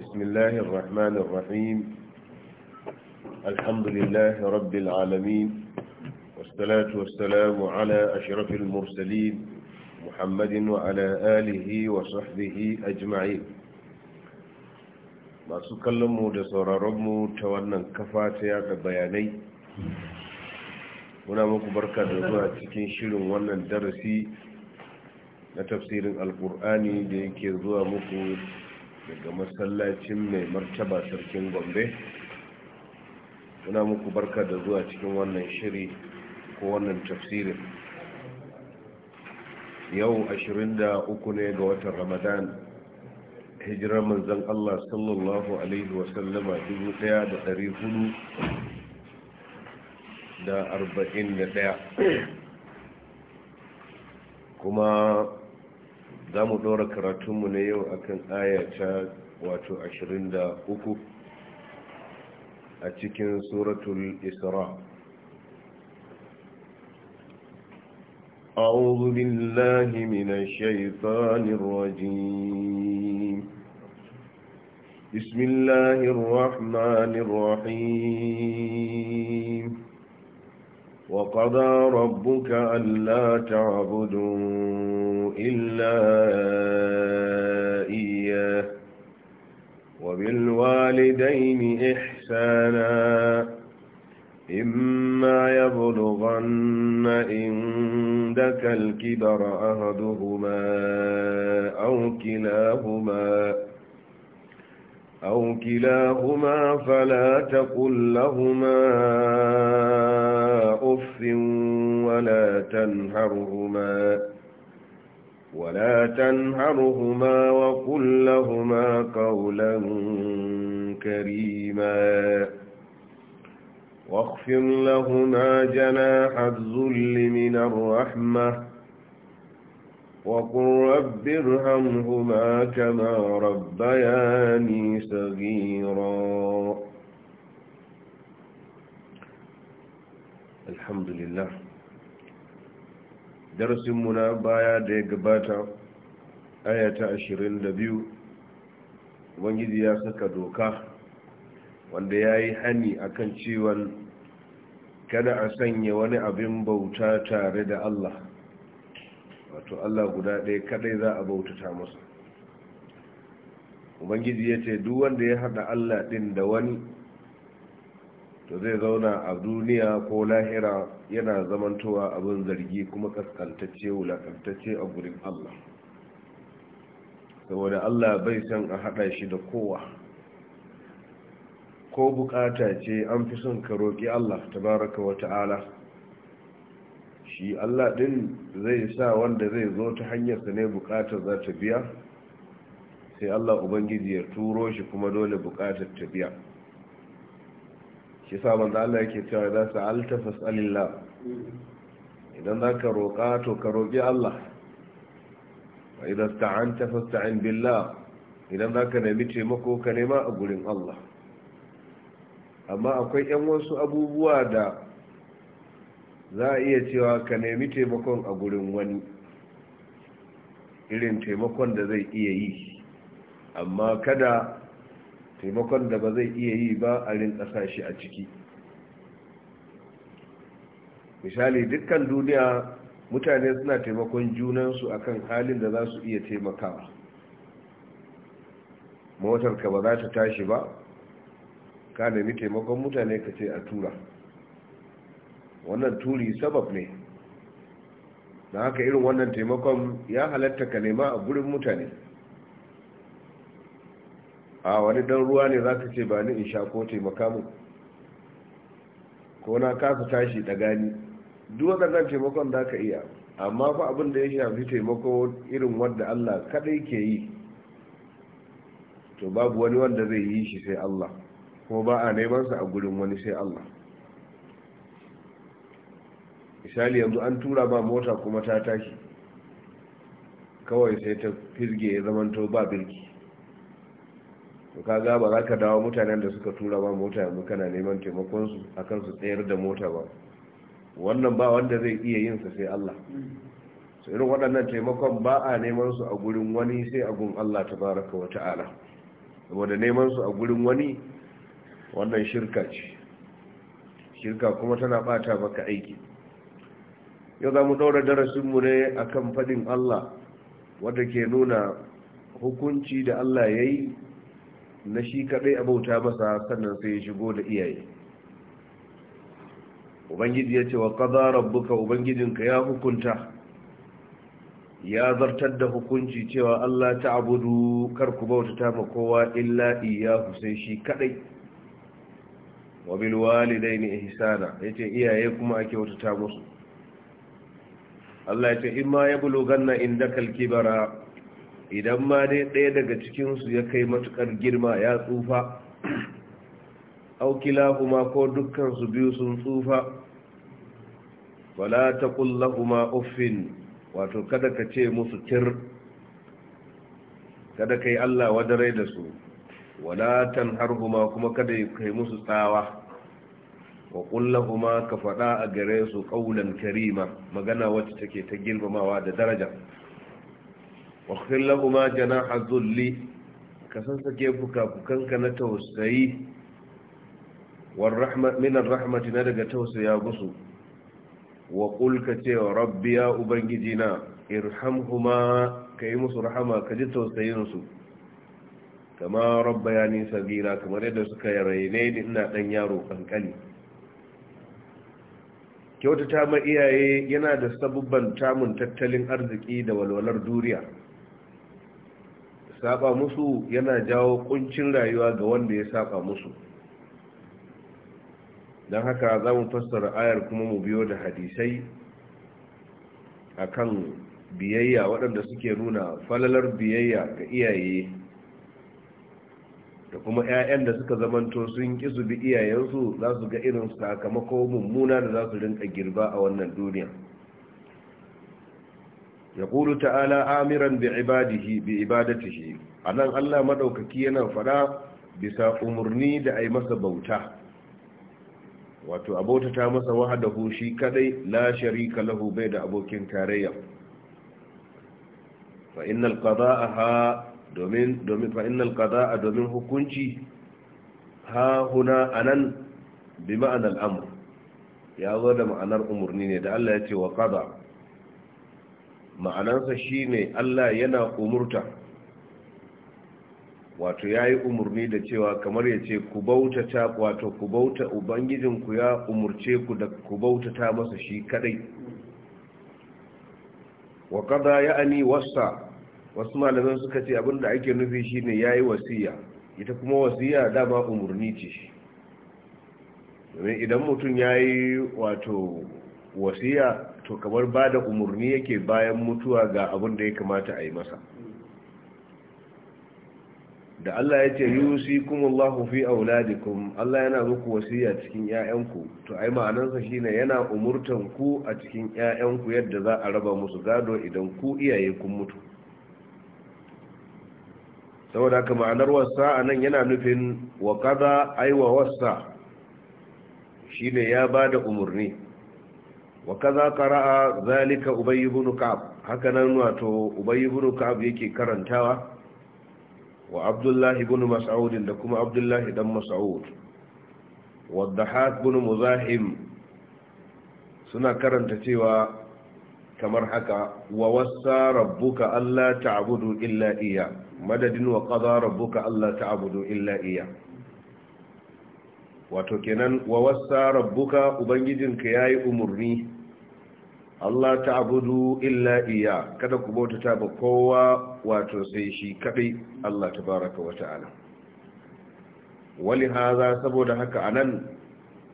بسم الله الرحمن الرحيم الحمد لله رب العالمين والصلاة والسلام على أشرف المرسلين محمد وعلى آله وصحبه أجمعين ما سكلمه دسور ربه تونا كفاتي بياني هنا مكبركة دواتي كنشل ونن درسي na tafsirin alkur'ani da yake zuwa muku daga masallacin mai martaba sarkin gombe muna muku barka da zuwa cikin wannan shiri ko wannan tafsirin yau 23 ne ga watan ramadan hijirar manzan allah sallallahu alaihi wasallama 1400 da da ɗaya kuma za mu ɗora karatunmu na yau akan aya ta wato 23 a cikin suratul isra أعوذ بالله من الشيطان الرجيم بسم الله الرحمن الرحيم وقضى ربك ألا تعبدوا إلا إياه وبالوالدين إحسانا إما يبلغن عندك الكبر أهدهما أو كلاهما أو كلاهما فلا تقل لهما أف ولا تنهرهما ولا تنهرهما وقل لهما قولا كريما واخفر لهما جناح الذل من الرحمه وقل رب ارهمهما كما ربياني صغيرا الحمد لله درس منا بايا da ya gabata aya ta 22 ubangiji ya saka doka wanda ya yi hani kan ciwon kada a sanya wani abin bauta tare da Allah wato Allah guda ɗaya kaɗai za a bautata masa ubangiji ya ce duk wanda ya haɗa Allah ɗin da wani to zai zauna a duniya ko lahira yana zamantowa abin zargi kuma kaskantacce wulakantacce a gurin Allah saboda Allah bai san a haɗa shi da kowa ko bukata ce an fi son ka roƙi Allah tabaraka wa ta'ala shi allah din zai sa wanda zai zo ta hanyarsa ne bukatar za ta biya sai allah ubangiji ya turo shi kuma dole bukatar ta biya shi sa da allah yake cewa za su alta alillah idan za ka roƙa to ka roƙi allah wa idan tafas fasta'in billah idan za ka nemi taimako ka nema a gurin allah amma akwai 'yan wasu abubuwa da za a iya cewa ka nemi taimakon a gurin wani irin taimakon da zai iya yi amma kada taimakon da ba zai iya yi ba a rin shi a ciki misali dukkan duniya mutane suna taimakon junansu akan halin da za su iya taimakawa motarka ba za ta tashi ba ka nemi taimakon mutane ka ce a tura wannan turi sabab ne da haka irin wannan taimakon ya halatta ka nema a gurin mutane a wani dan ruwa ne za ka ce ba ni in sha ko taimaka mu ko na kasa tashi da gani duk wadannan taimakon za ka iya amma fa abin da ya shafi taimako irin wanda Allah kadai ke yi to babu wani wanda zai yi shi sai Allah ko ba a neman sa a gurin wani sai Allah misali yanzu an tura ba mota kuma ta tashi kawai sai ta firge ya zamanto ba birki to ga ba za ka dawo mutanen da suka tura ba mota yanzu kana neman taimakonsu akan su tsayar da mota ba wannan ba wanda zai iya yin sa sai Allah so irin waɗannan taimakon ba a neman su a gurin wani sai a gun Allah tabaraka wa ta'ala saboda neman su a gurin wani wannan shirka ce shirka kuma tana bata maka aiki yau za mu ɗaura darasinmu ne a kan faɗin Allah wadda ke nuna hukunci da Allah ya yi na shi kaɗai a bauta masa sannan sai ya shigo da iyaye ubangiji ya ce wa ƙaza rabbuka ubangijinka ya hukunta ya zartar da hukunci cewa Allah ta abudu kar ku bauta ma kowa illa iyahu sai shi kaɗai wa ne ihsana yace iyaye kuma ake ta musu Allah ya ce in ma ya buluganna inda kalkibara idan ma dai ɗaya daga cikinsu ya kai matukar girma ya tsufa aukila kuma ko dukkansu biyu sun tsufa wala ta kuma uffin wato kada ka ce musu tir kada ka yi Allah wadare da su wala tan harhuma kuma kada ka yi musu tsawa wa kullahuma ka faɗa a gare su ƙaunan karima magana wacce take ta girmamawa da daraja wa kullahuma janaha zulli ka sansake fuka-fukanka na tausayi wa minan rahmati na daga tausaya musu wa ce wa rabbi ya ubangiji na irhamhuma ka yi musu rahama ka ji tausayinsu kama rabba ya nisa kamar yadda suka raine da ina ɗan yaro kankani kyautata ma iyaye yana da sabubban tamun tattalin arziki da walwalar duniya saba musu yana jawo kuncin rayuwa ga wanda ya saba musu don haka za mu fassara ayar kuma mu biyo da hadisai akan biyayya waɗanda suke nuna falalar biyayya ga iyaye kuma 'ya'yan da suka zamanto sun ƙi su bi iyayensu za su ga irin sakamako mummuna da za su rinka girba a wannan duniya ya ƙulu ta'ala amiran bi ibadatihi a nan allah maɗaukaki yana fara bisa umarni da a yi masa bauta wato abota ta masa wahadahu shi kadai la sharika lahu bai da abokin tarayya fa innal qada'aha domin domin fa'innal qada'a domin hukunci ha huna anan bi ma'anar amr ya zo da ma'anar umarni ne da Allah ya ce wa qada ma'anarsa shine Allah yana umurta wato ya yi umarni da cewa kamar ya ce ku ta wato ku bauta ubangijinku ya umarce ku da ku ta masa shi kadai wa kada ya ani wasa wasu malaman suka ce abin da ake nufi shi ne ya yi wasiya ita kuma wasiya dama umarni ce domin idan mutum yi wato wasiya to kamar ba da umarni yake bayan mutuwa ga abin da ya kamata a yi masa da Allah ya ce yusi kuma Allah fi auladikum Allah yana muku wasiya cikin 'ya'yanku to ai ma'anarsa shine yana umurtan ku a cikin 'ya'yanku yadda za a raba musu gado idan ku iyaye kun mutu saboda haka ma'anar wasa a nan yana nufin wa kaza aiwa wasa ne ya ba da umarni wa kaza karaa zalika ubayi bunu kaf haka nan wato ubayi bunu ka'ab yake karantawa wa abdullahi bunu mas'ud da kuma abdullahi dan mas'ud wa dhahak bunu muzahim suna karanta cewa kamar haka wa wasa rabbuka Allah ta'budu illa iya madadin wa qada rabbuka Allah ta'budu illa iya wato kenan wa wasa rabbuka ubangijinka yayi umurni Allah ta'budu illa iya kada ku bauta ta ba kowa wato sai shi kadai Allah tabaaraka wa ta'ala wali hadha saboda haka anan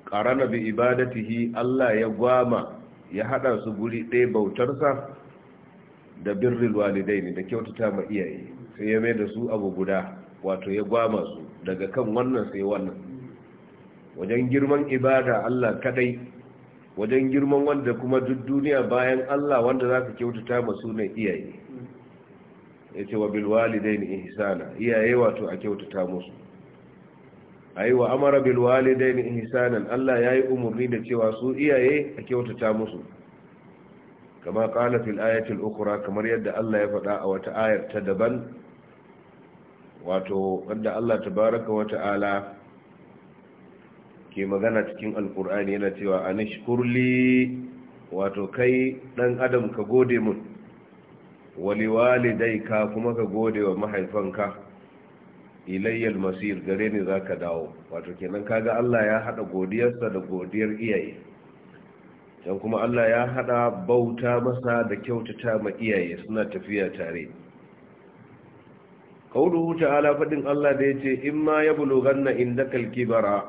qarana bi ibadatihi Allah ya gwama ya hada su guri ɗaya bautarsa da birnin walidai ne da kyautata ma iyaye sai ya mai da su abu guda wato ya gwama su daga kan wannan sai wannan wajen girman ibada Allah kadai wajen girman wanda kuma duk duniya bayan Allah wanda za ka kyautata ma sunan iyaye ya ce wa bilwalidaini ihsana iyaye wato a kyautata musu ayi wa amara bil walidaini ihsanan Allah yayi umurni da cewa su iyaye a kyautata musu kama qala fil ayati al-ukhra kamar yadda Allah ya faɗa a wata ayar ta daban wato wanda Allah tabaaraka wa ta'ala ke magana cikin alqur'ani yana cewa anashkurli wato kai dan adam ka gode mun wali walidai ka kuma ka gode wa mahaifanka ilayyal masir gare ni za ka dawo wato kenan ka ga allah ya haɗa godiyarsa da godiyar iyaye can kuma allah ya haɗa bauta masa da kyautata ma iyaye suna tafiya tare kauluhu ta'ala faɗin allah da ya ce in ma ya bulo ganna inda kalkibara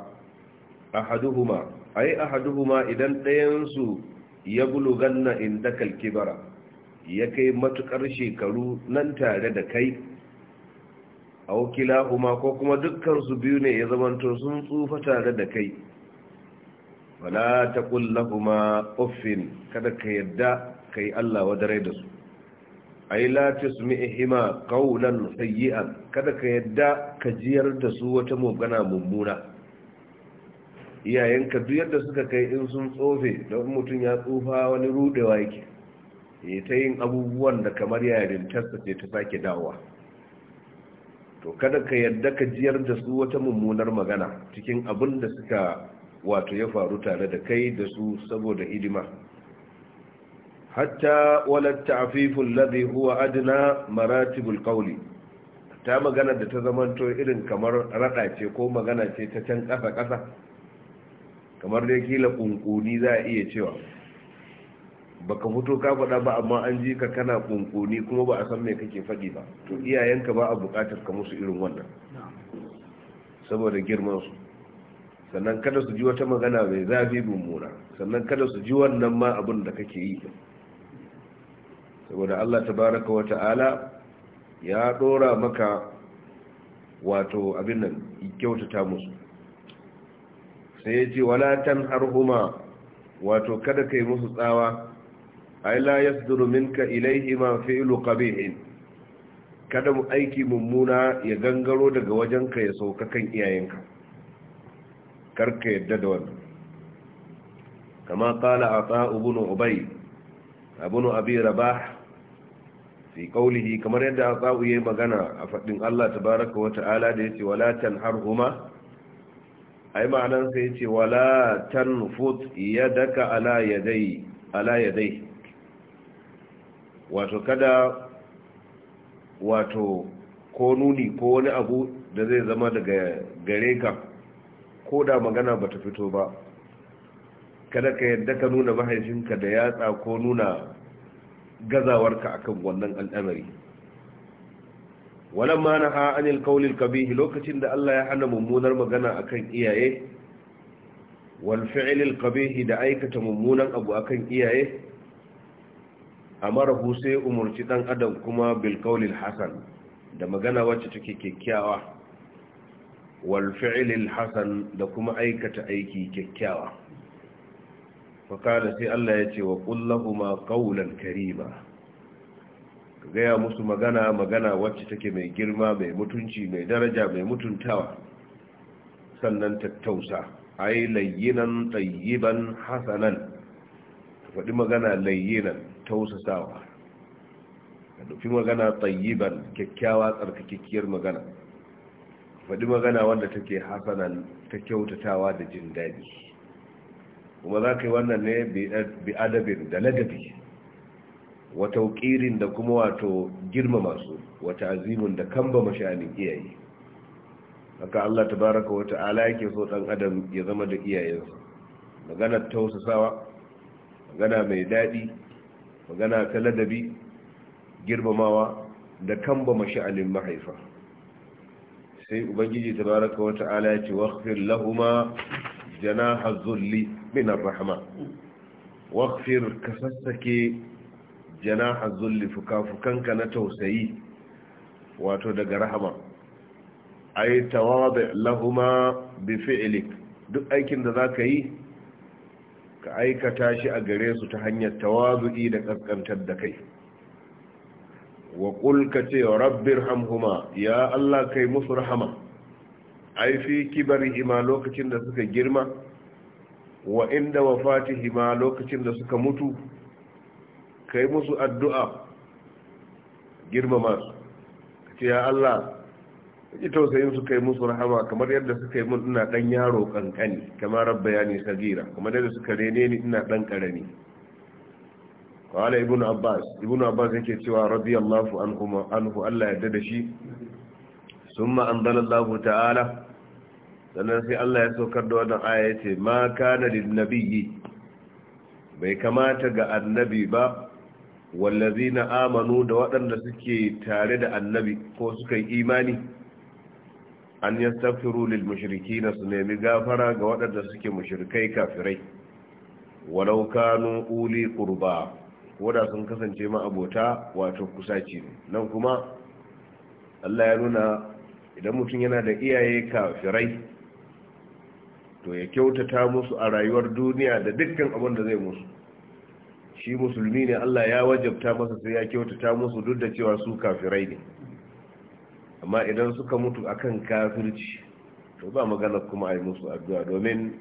ahaduhuma a ahaduhuma idan ɗayansu ya bulo ganna inda kalkibara ya kai matuƙar shekaru nan tare da kai a wakila kuma ko kuma dukkansu biyu ne ya zamanto sun tsufa tare da kai wala ta kuma ofin kada ka yadda ka yi Allah wadarai da su ai la tusmi'ihima qawlan sayyi'an kada ka yadda ka jiyar da su wata magana mummuna iyayenka duyar yadda suka kai in sun tsofe don mutum ya tsufa wani rudewa yake ya ta yin abubuwan da kamar yarintarsa ce ta sake dawowa to kada ka yadda ka jiyar da su wata mummunar magana cikin abin da suka wato ya faru tare da kai da su saboda hidima hatta walar ta'afifin ladhi huwa adna maratibul qawli ta magana da ta zamanto irin kamar rada ce ko magana ce ta can kasa kasa kamar dai kila kunkuni za iya cewa baka fito ka faɗa ba amma an ji ka kana kunkuni kuma ba a san me kake faɗi ba to iyayenka ba a buƙatar ka musu irin wannan saboda girman su sannan kada su ji wata magana mai zafi mummuna sannan kada su ji wannan ma abin da kake yi saboda Allah tabaraka wa ta'ala ya dora maka wato abin nan kyautata musu sai ya ce wala tan harhuma wato kada kai musu tsawa ai la yasduru minka ilaihi ma fi'lu qabih kada mu aiki mummuna ya gangaro daga wajenka ya sauka kan iyayenka karka yadda da wannan kama qala ata ibn ubay ibn abi rabah fi qawlihi kamar yadda ata yayi magana a fadin Allah tabaaraka wa ta'ala da yace wala tanharhuma ai ma'anan sai yace wala tanfut yadaka ala yadai ala yadai wato kada wato ko nuni ko wani abu da zai zama daga gare ka ko da magana bata fito ba kada ka yadda ka nuna mahaifinka da yatsa ko nuna gazawarka akan wannan al'amari walan ma naha anil qawlil kabih lokacin da Allah ya hana mummunar magana akan iyaye wal kabihi da aikata mummunan abu akan iyaye A mara sai umarci ɗan adam kuma bil Hassan hasan da magana wacce take kyakkyawa wal fi'lil hasan da kuma aikata aiki kyakkyawa fa sai Allah ya ce wa qul lahumu qawlan karima gaya musu magana magana wacce take mai girma mai mutunci mai daraja mai mutuntawa sannan tattausa ai layyinan tayyiban hasanan faɗi magana layyinan tausasawa ka dufi magana tsayiban kyakkyawa tsarkakakkiyar magana faɗi magana wanda take hasanan ta kyautatawa da jin daɗi kuma za ka yi wannan ne bi adabin da ladabi ƙirin da kuma wato girmama masu wata azimin da kamba mashanin iyaye haka Allah baraka Wata Ala yake so ɗan adam ya zama da iyayensa magana tausasawa magana mai daɗi magana ta ladabi girmamawa da kan kamba sha'anin mahaifa sai ubangiji tabaraka wa ta'ala ya ce waqfir lahuma janaha dhulli min ar-rahma waghfir kasassake janaha dhulli fukafukanka na tausayi wato daga rahama ay tawadi lahuma bi fi'lik duk aikin da zaka yi ka aikata shi a gare su ta hanyar tawazu'i da kaskantar da kai wa ka ce wa rabbir hamhuma ya Allah kai musu rahama ai fi ima lokacin da suka girma wa inda ima lokacin da suka mutu kai musu addu'a girmama ka ce ya Allah ji tausayin su yi musu rahama kamar yadda suka yi mun ina dan yaro kankani kamar rabba ya ne sagira kamar yadda suka rene ni ina dan karami qala ibn abbas ibn abbas yake cewa radiyallahu anhu anhu Allah ya dada shi summa Allah ta'ala sannan sai Allah ya saukar da wannan aya yace ma kana lin nabiyyi bai kamata ga annabi ba wallazina amanu da waɗanda suke tare da annabi ko suka yi imani an yastaghfiru lil mushrikeena su nemi gafara ga waɗanda suke mushrikai kafirai walau kanu uli qurba koda sun kasance ma abota wato kusaci ne nan kuma Allah ya nuna idan mutum yana da iyaye kafirai to ya kyautata musu a rayuwar duniya da dukkan abin da zai musu shi musulmi ne Allah ya wajabta masa sai ya kyautata musu duk da cewa su kafirai ne amma idan suka mutu akan kafirci to ba magana kuma a yi musu addu'a domin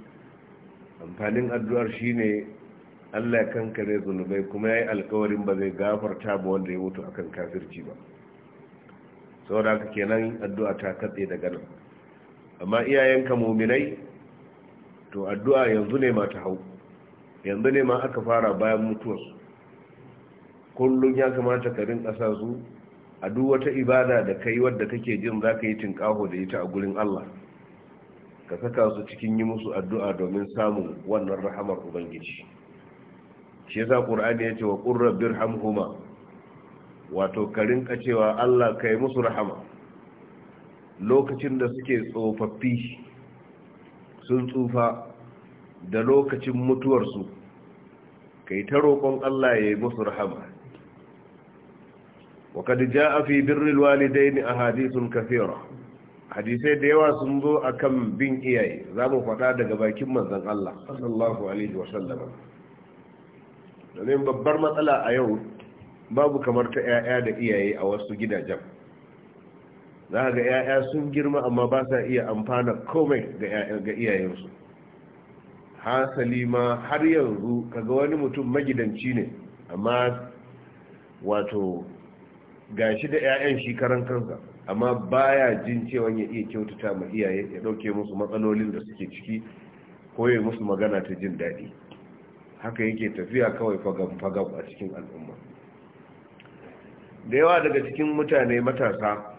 amfanin addu'ar shi ne Allah ya kankare zunubai kuma ya yi alkawarin ba zai gafarta ba wanda ya mutu akan kafirci ba sau da haka kenan addu'a ta katse daga nan amma iyayenka muminai to addu'a yanzu ne ma ta hau yanzu ne ma aka fara bayan mutuwarsu kullum ya kamata ka rinka sa su a duk wata ibada da kai wadda kake jin za ka yi tinkaho da ita a gurin Allah ka saka su cikin yi musu addu'a domin samun wannan rahamar ubangiji shi yasa ya ce wa qur rabbir hamhuma wato karin kacewa Allah kai musu rahama lokacin da suke tsofaffi sun tsufa da lokacin mutuwarsu kai ta roƙon Allah ya yi musu rahama وقد جاء في بر الوالدين hadisin كثيرة hadisai da yawa sun zo a kan bin iyaye za mu faɗa daga bakin manzan Allah sallallahu alaihi wasallam domin babbar matsala a yau babu kamar ta 'ya'ya da iyaye a wasu gidajen za ga 'ya'ya sun girma amma ba sa iya amfana komai ga iyayensu hasali ma har yanzu kaga wani mutum magidanci ne amma wato ga shi da 'ya'yan shi karan kansa amma baya jin cewa ya iya kyautata ma iyaye ya ɗauke musu matsalolin da suke ciki ko ya musu magana ta jin daɗi haka yake tafiya kawai fagam-fagam a cikin al'umma da yawa daga cikin mutane matasa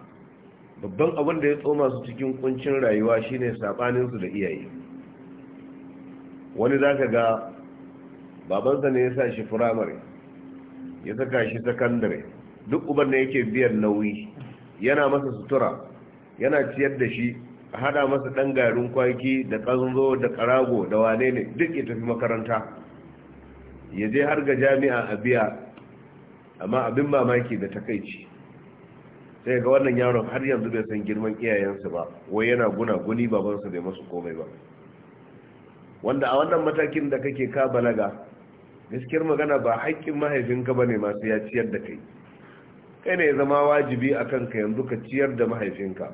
babban abin da ya tsoma su cikin kuncin rayuwa shine saɓaninsu da iyaye wani zaka ga babansa ne ya sa shi firamare ya saka shi sakandare duk uban da yake biyan nauyi yana masa sutura yana ciyar da shi a hada masa dan garin kwaki da kanzo da karago da wane ne duk ya tafi makaranta ya je har ga jami'a a biya amma abin mamaki da takaici sai ga wannan yaron har yanzu bai san girman iyayensa ba wai yana guna guni babansa bai masu komai ba wanda a wannan matakin da kake ka balaga gaskiyar magana ba haƙƙin mahaifinka bane masu ya ciyar da kai kai ne zama wajibi a kanka yanzu ka ciyar da mahaifinka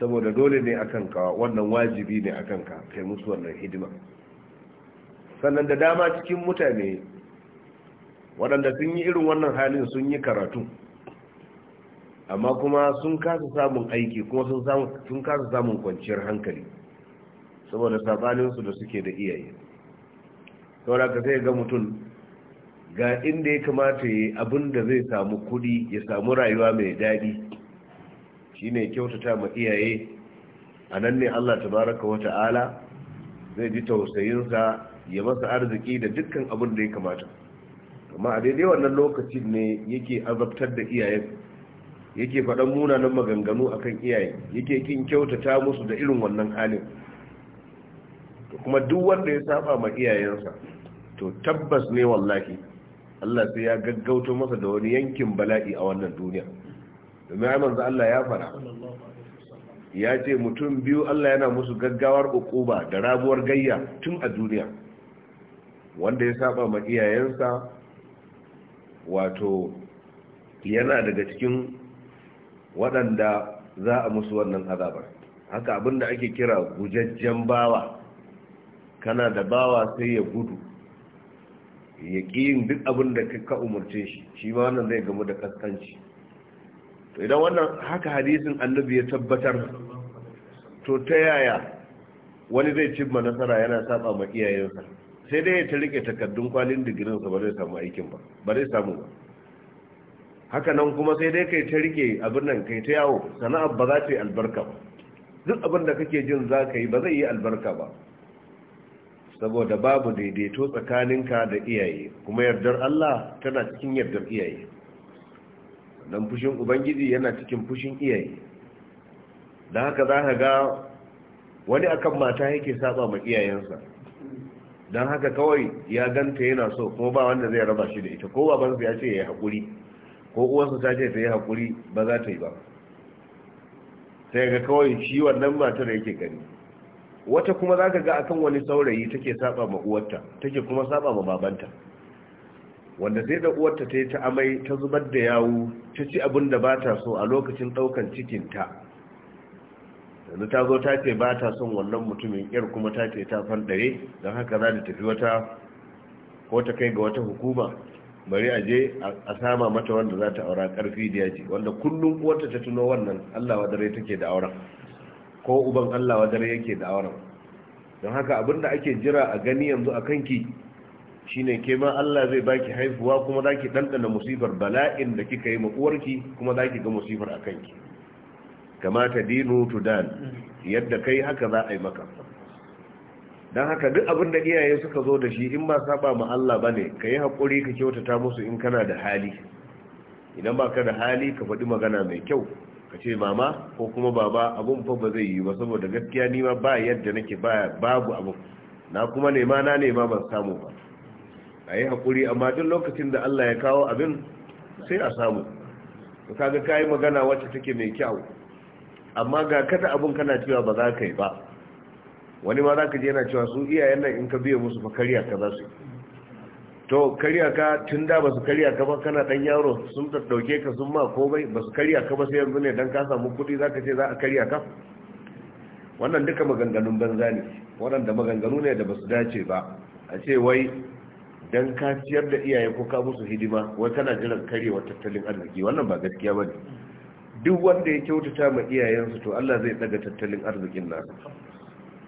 saboda dole ne a kanka wannan wajibi ne a kanka kai musu wannan hidima sannan da dama cikin mutane waɗanda sun yi irin wannan halin sun yi karatu amma kuma sun kasa samun aiki kuma sun kasa samun kwanciyar hankali saboda sabaninsu da suke da iyaye sauraka ka sai ga mutum ga inda ya kamata ya abin da zai samu kudi ya samu rayuwa mai daɗi shi ne kyautata ma iyaye a nan ne Allah tabaraka wa ta'ala zai ji tausayinsa ya masa arziki da dukkan abin da ya kamata amma a daidai wannan lokacin ne yake azabtar da iyayen yake faɗan munanan maganganu a kan iyaye yake kin kyautata musu da irin wannan halin kuma duk wanda ya saba ma iyayensa to tabbas ne wallahi Allah sai ya gaggauto masa da wani yankin bala'i a wannan duniya domin ai manzo Allah ya fara ya ce mutum biyu Allah yana musu gaggawar ukuba da rabuwar gayya tun a duniya wanda ya saba ma iyayensa wato yana daga cikin waɗanda za a musu wannan azabar haka abinda ake kira gujajjen bawa kana da bawa sai ya gudu ya yin duk abin da ka umarce shi shi ma wannan zai gamu da kaskanci to idan wannan haka hadisin annabi ya tabbatar to ta yaya wani zai cimma nasara yana saba ma iyayensa sai dai ta rike takardun kwalin digirinsa ba zai samu aikin ba ba zai samu ba haka nan kuma sai dai kai ta rike abin nan kai ta yawo sana'ar ba za ta yi albarka ba duk abin da kake jin za ka yi ba zai yi albarka ba saboda babu daidaito tsakaninka da iyaye kuma yardar Allah tana cikin yardar iyaye dan fushin ubangiji yana cikin fushin iyaye da haka za ka ga wani akan mata yake saba ma iyayensa don haka kawai ya ganta yana so kuma ba wanda zai raba shi da ita ko babansa ya ce ya yi haƙuri ko uwansa ta ce ta yi haƙuri ba za ta yi ba sai ga kawai shi wannan matar yake gani wata kuma za ka ga akan wani saurayi take saba ma uwarta take kuma saba ma babanta wanda sai da uwarta ta yi ta amai ta zubar da yawu ta ci abin da ba ta so a lokacin ɗaukan cikinta yanzu ta zo ta ce ba ta son wannan mutumin yar kuma ta ce ta fanɗare don haka za ta tafi wata ko ta kai ga wata hukuma bari a je a sama mata wanda za ta aura karfi da yaji wanda kullum uwarta ta tuno wannan allah wadare take da auren ko uban Allah wadar yake da auren don haka abinda ake jira a gani yanzu a kanki shine ke ma Allah zai baki haifuwa kuma zaki dandana musifar bala'in da kika yi ma uwarki kuma zaki ga musifar a kanki kamata dinu tudan yadda kai haka za a yi maka don haka duk abin da iyaye suka zo da shi in ba saba ma Allah ba ne ka yi haƙuri ka kyautata musu in kana da hali idan ba ka da hali ka faɗi magana mai kyau ka ce mama ko kuma baba abun fa ba zai yi ba saboda gaskiya ni ma ba yadda nake ba babu abu na kuma nema na nema ban samu ba a yi haƙuri amma duk lokacin da Allah ya kawo abin sai a samu ka kaga kayan magana wacce take mai kyau amma ga kada abun kana cewa ba za ka yi ba wani ma za ka je yana cewa su iyayen nan in ka biya musu fa karya ka za su yi to karya ka tun da basu karya ka ba kana dan yaro sun ɗauke ka sun ma komai basu karya ka ba sai yanzu ne dan ka samu kuɗi zaka ce za a karya ka wannan duka maganganun banza ne waɗanda maganganu ne da basu dace ba a ce wai dan ka ciyar da iyaye ko ka musu hidima wai kana jiran karyewar tattalin arziki wannan ba gaskiya bane duk wanda ya kyautata ma iyayensu to Allah zai daga tattalin arzikin nasa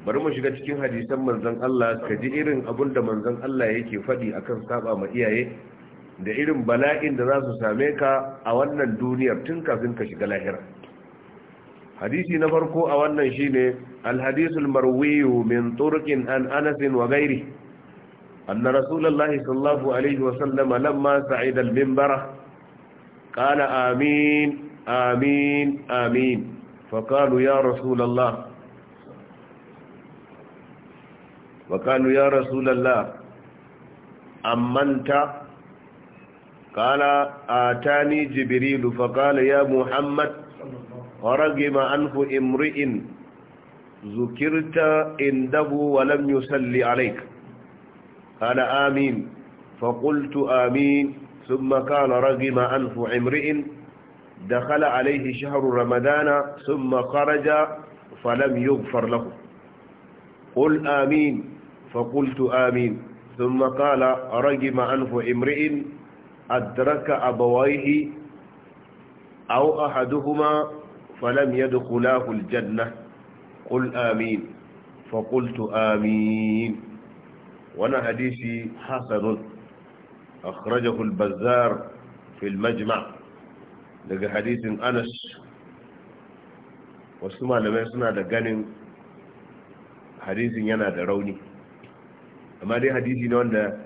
bari mu shiga cikin hadisan manzon Allah ka ji irin abun da manzon Allah yake faɗi akan saba ma iyaye da irin bala'in da za su same ka a wannan duniyar tun kafin ka shiga lahira hadisi na farko a wannan shine alhadisul marwiyu min turqin an anas wa ghairi anna rasulullahi sallallahu alaihi wa sallama lamma sa'ida al-minbara qala amin Amin, Amin, فقالوا يا رسول الله وقالوا يا رسول الله أمنت قال آتاني جبريل فقال يا محمد ورغم أنف امرئ ذكرت عنده ولم يسل عليك قال آمين فقلت آمين ثم كان رغم أنف امرئ دخل عليه شهر رمضان ثم خرج فلم يغفر له قل آمين فقلت آمين ثم قال رجم أنف امرئ أدرك أبويه أو أحدهما فلم يدخلاه الجنة قل آمين فقلت آمين وانا حديثي حسن أخرجه البزار في المجمع لقى حديث أنس wasu malamai suna da ganin hadisin yana da rauni amma dai hadisi ne wanda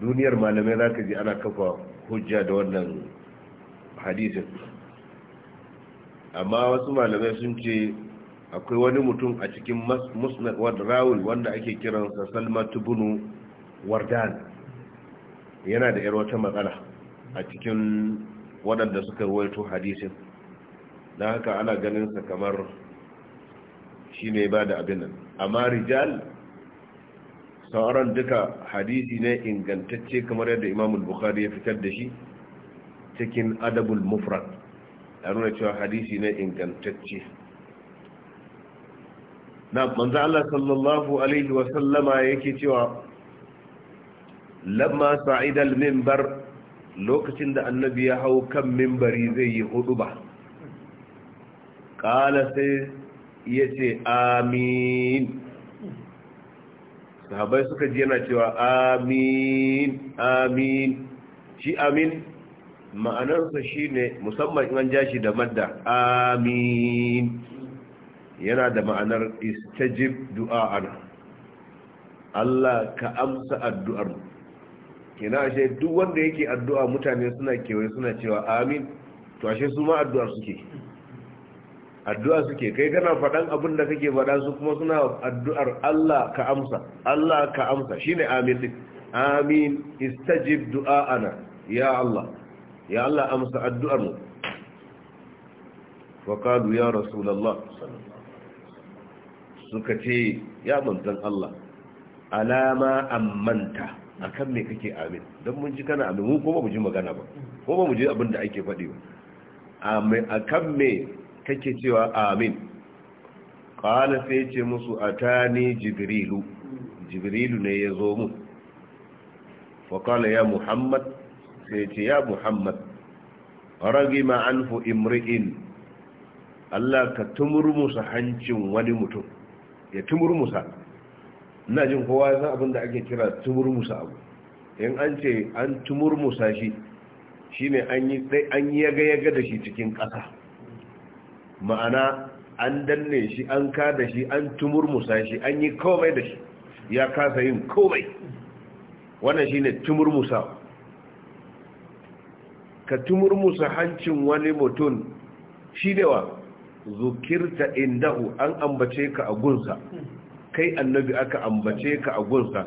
duniyar malamai za ka ji ana kafa hujja da wannan hadisin amma wasu malamai sun ce akwai wani mutum a cikin musnad rawul wanda ake kiransa salma tubunu wardan yana da yar wata matsala a cikin waɗanda suka waito hadisin na haka ana ganinsa kamar shi ne ba da abin nan amma rijal sauran duka hadisi ne ingantacce kamar yadda imamul bukhari ya fitar da shi cikin adabul mufrad ya nuna cewa hadisi ne ingantacce na manzo Allah sallallahu alaihi wa sallama yake cewa lamma sa'ida al-minbar lokacin da annabi ya hau kan minbari zai yi huduba qala sai yace amin sahabai suka ji yana cewa amin amin shi amin ma'anarsa shi ne musamman in an ja shi da madda amin yana da ma'anar istajib ana Allah ka amsa addu'ar kina ashe duk wanda yake addu'a mutane suna kewaye suna cewa amin to ashe su ma addu'ar suke addu'a suke kai kana faɗan abin da kake faɗa su kuma suna addu'ar Allah ka amsa Allah ka amsa shine amin din amin istajib du'aana ya Allah ya Allah amsa addu'ar mu wa qalu ya rasulullah suka ce ya manzon Allah alama ammanta akan me kake amin dan mun ji kana amin mu kuma mu ji magana ba ko ba mu ji abin da ake faɗi ba amin akan me kake cewa amin ƙala sai ce musu a ta ni jibrilu jibrilu ne ya zo mu faƙala ya muhammad sai ce ya muhammad ragima anfu imri'in Allah ka tumurmusa hancin wani mutum ya tumurmusa ina jin kowa ya san abin da ake kira tumurmusa abu in an ce an tumurmusa shi shine an yi yaga-yaga da shi cikin ƙasa ma'ana an danne shi an kada shi an tumurmusa shi an yi komai da shi ya kasa yin komai wannan shi ne tumurmusa ka tumurmusa hancin wani mutum shi dewa zukirta indahu an ambace ka a gunsa kai annabi aka ambace ka a gunsa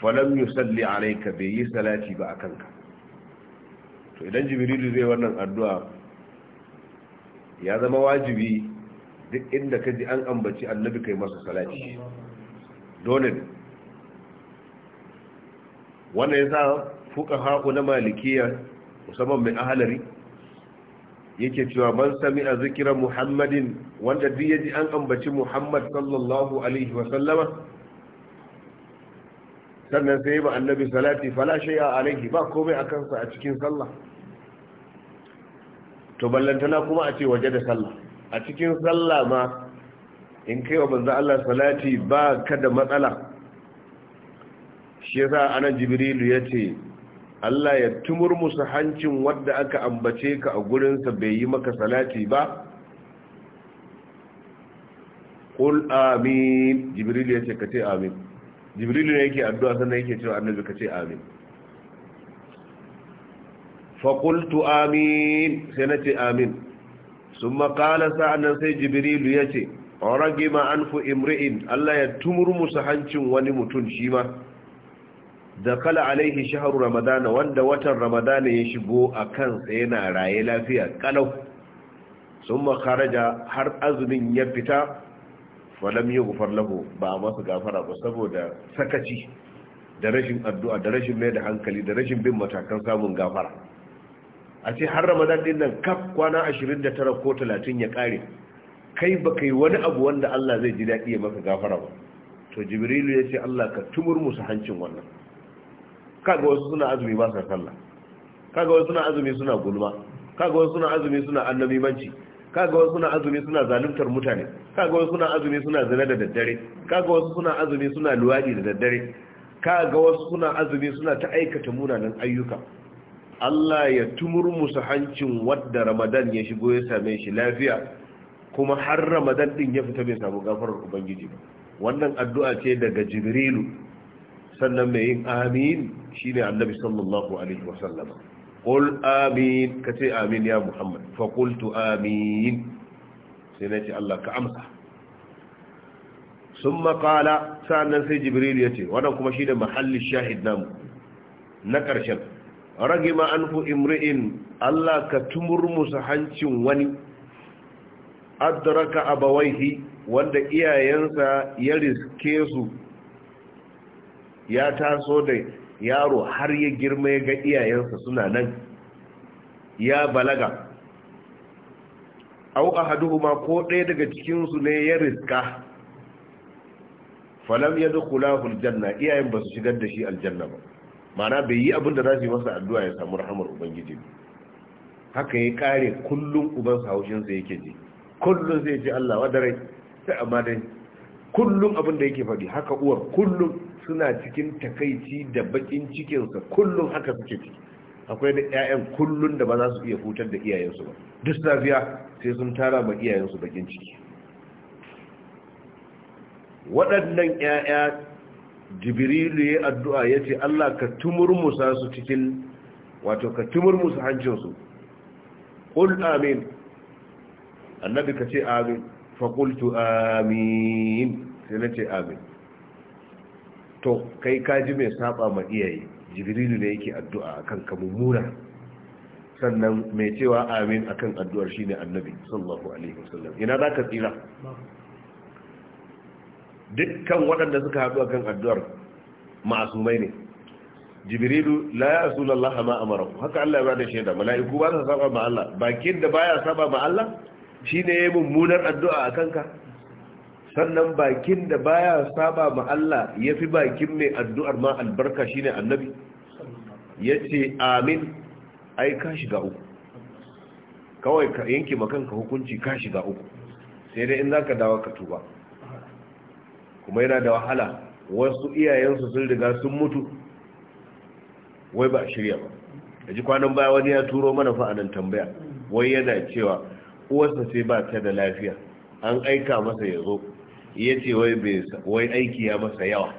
falam yusalli alayka bai yi salati ba akanka to idan jibrilu zai wannan addu'a ya zama wajibi duk inda ka ji an ambaci annabi kai masa salati dole ne wannan yasa fuka haku na malikiya musamman mai ahalari yake cewa man sami a zikira muhammadin wanda duk ji an ambaci muhammad sallallahu alaihi wasallama sannan sai ba annabi salati fala shay'a alaihi ba komai a kansa a cikin sallah to ballantana kuma a ce waje da sallah a cikin sallah ma in kai wa manzo Allah salati ba ka da matsala shi yasa anan jibrilu ce Allah ya tumur musu hancin wadda aka ambace ka a gurinsa bai yi maka salati ba Qul amin Jibril ya ce ka ce amin Jibril ne yake addu'a sannan yake cewa annabi ka ce amin fakultu amin sai na ce amin sun makala nan sai jibrilu ya ce rage ma an fi imri'in Allah ya tumur musu hancin wani mutum shi ma da kala alaihi shaharu ramadana wanda watan ramadana ya shigo a kansa yana raye lafiya kalau sun makaraja har azumin ya fita falam yi gufar lahu ba a masu gafara ba saboda sakaci da rashin addu'a da rashin mai da hankali da rashin bin matakan samun gafara a ce har ramadan din nan kaf kwana 29 ko 30 ya kare kai ba kai wani abu wanda Allah zai ji daɗi ya maka gafara ba to jibrilu ya ce Allah ka tumur musu hancin wannan kaga wasu suna azumi ba sa sallah kaga wasu suna azumi suna gulma kaga wasu suna azumi suna annabimanci kaga wasu suna azumi suna zaluntar mutane kaga wasu suna azumi suna zina da daddare kaga wasu suna azumi suna luwadi da daddare kaga wasu suna azumi suna ta aikata munanan ayyuka Allah ya tumur musu hancin wadda Ramadan ya shigo ya same shi lafiya kuma har Ramadan din ya fita bai samu gafarar Ubangiji ba wannan addu'a ce daga Jibrilu sannan mai yin amin shine Annabi sallallahu alaihi wasallam qul amin kace amin ya Muhammad fa qultu amin sai nace Allah ka amsa summa qala sannan sai Jibril yace wannan kuma shine mahallin shahid namu na ƙarshen ragima anfu imri'in Allah ka tumurmusa hancin wani adraka abawaihi wanda iyayensa ya riske su ya taso da yaro har ya girma ya ga iyayensa suna nan ya balaga au ahaduhuma ko ɗaya daga cikinsu ne ya riska falam yadkhulahu aljanna iyayen ba su shigar da shi aljanna ba mana bai yi abinda da za su yi masa addu'a ya samu rahamar ubangiji haka ya kare kullum ubansa haushinsa yake ji kullum zai ji allah dare sai amma dai kullum abin yake faɗi haka uwar kullum suna cikin takaici da bakin cikinsa kullum haka suke ciki akwai da ƴaƴan kullum da ba za su iya hutar da iyayensu ba duk safiya sai sun tara ma iyayensu bakin ciki waɗannan ƴaƴa. jibrilu ya addu'a ya ce Allah ka tumurmusa su cikin wato ka tumurmusa hancinsu ƙul amin annabi ka ce amin faƙultu amin sai na ce amin to kai kaji mai saba ma iyaye jibrilu ne yake addu'a akan ka mummuna sannan mai cewa amin akan addu'ar shine annabi sallallahu alaihi wasallam ina za ka tsira dukkan waɗanda suka haɗu kan addu'ar ma'asumai ne jibrilu la ya su lallaha ma amara haka Allah ya shi da mala'iku ba su saba ma Allah bakin da baya saba ma Allah shi ne ya yi mummunar addu'a a ka sannan bakin da baya saba ma Allah ya yafi bakin mai addu'ar ma albarka shi ne annabi Ya ce amin ai ka shiga uku kawai ka yanke makanka hukunci ka shiga uku sai dai in zaka dawo ka tuba kuma yana da wahala wasu iyayensu sun riga sun mutu wai ba a shirya ba da ji kwanan baya wani ya turo mana fa'anan tambaya wai yana cewa uwarsa sai ba ta da lafiya an aika masa ya zo ya ce wai aiki ya masa yawa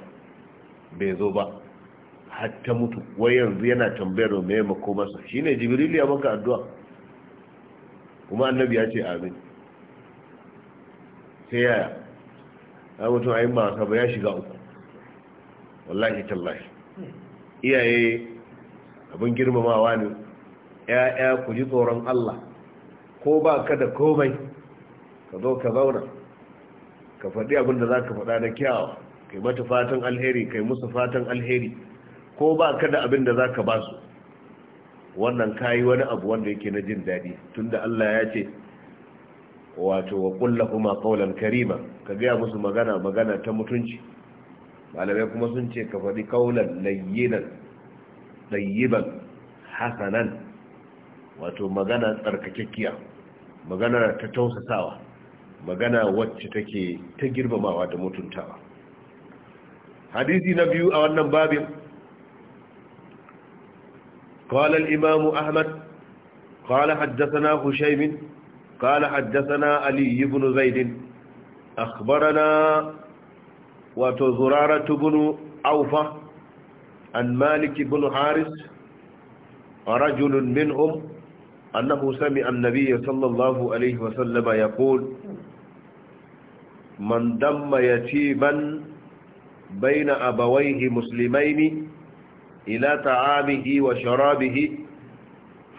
bai zo ba hatta mutu wai yanzu yana tambayar da mai masa. shi ne jibril ya maka addu'a kuma annabi ya ce amin ta yaya a mutum a yi maka ba ya shiga uku wallahi tallahi iyaye abin girmamawa ne ya'ya ku ji tsoron Allah ko ba ka da komai ka zo ka zauna ka faɗi abin za ka faɗa da kyawa kai mata fatan alheri kai musu fatan alheri ko ba ka da abin za ka ba su wannan kayi wani abu wanda yake na jin daɗi tunda Allah ya ce wato wa kullahuma qawlan karima ka gaya musu magana magana ta mutunci malamai kuma sun ce ka faɗi qawlan layyinan tayyiban hasanan wato magana tsarkakekkiya magana ta tausasawa magana wacce take ta girmamawa da mutuntawa hadisi na biyu a wannan babin قال الإمام أحمد قال حدثنا هشيم قال حدثنا علي بن زيد أخبرنا وتزرارة بن أوفى عن مالك بن حارس رجل منهم أنه سمع النبي صلى الله عليه وسلم يقول من دم يتيما بين أبويه مسلمين إلى طعامه وشرابه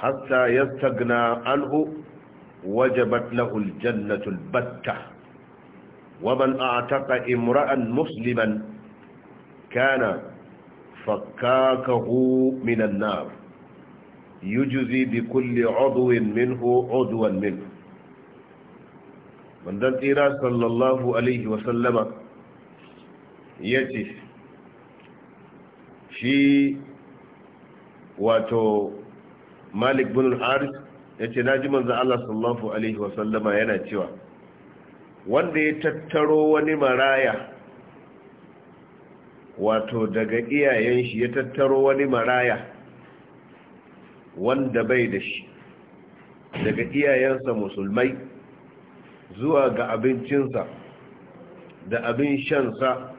حتى يستغنى عنه وجبت له الجنة البتة ومن اعتق امرأ مسلما كان فكاكه من النار يجزي بكل عضو منه عضوا منه من ذا صلى الله عليه وسلم يتي شي واتو مالك بن الحارث yace ji manzo Allah sallallahu alaihi wa sallama yana cewa wanda ya tattaro wani maraya wato daga iyayen shi ya tattaro wani maraya wanda bai da shi daga iyayensa musulmai zuwa ga abincinsa da abin shansa